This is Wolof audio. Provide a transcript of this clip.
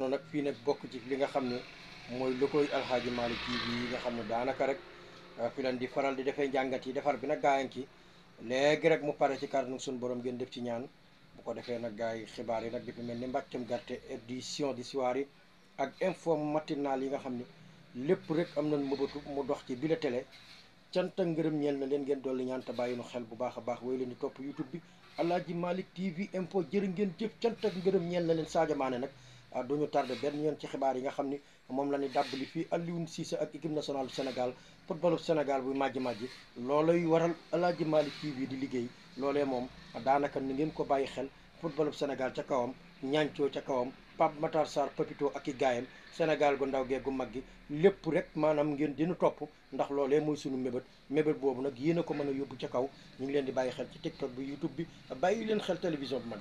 noonu nag fii nag bokk ci li nga xam ne mooy lu koy alxaaji Malick TV yi nga xam ne daanaka rek euh, fi leen di faral di defee njàngat yi defar bi nag gaayan ki léegi rek mu pare ci kàddu suñu boroom ngeen def ci ñaan bu ko defee nag gars yi xibaar yi nag dafa mel ni mbàccam garte édition du soir yi ak info matinal yi nga xam ne lépp rek am nañ mëbatu mu dox ci bi la télé cant ngërëm ñeel na leen ngeen dolli ñaan te bàyyi nu xel bu baax baax wooyu leen di topp YouTube bi alxaaji Malick TV info jërë ngeen jëf cant ak ngërëm ñeel na leen Sadio Mané nag Euh, du ñu tardé benn yoon ci xibaar yi nga xam ni moom la ñu dàbbali fii Alioune Cissé ak équipe nationale du Sénégal footballu Sénégal buy màjji-màjji loolay waral Aladji Malick TV di liggéey loolee moom daanaka ni ngeen ko bàyyi xel footballu Sénégal ca kawam ñaancoo ca kawam Pape Matar Sarr Papito ak i gaayam Sénégal gu ndaw gee gu mag gi lépp rek maanaam ngeen dina topp ndax loolee mooy sunu mébét mébét boobu nag yéen a ko mën a yóbbu ca kaw ñu ngi leen di bàyyi xel ci TikTok bi YouTube bi bàyyi leen xel télévision bu mag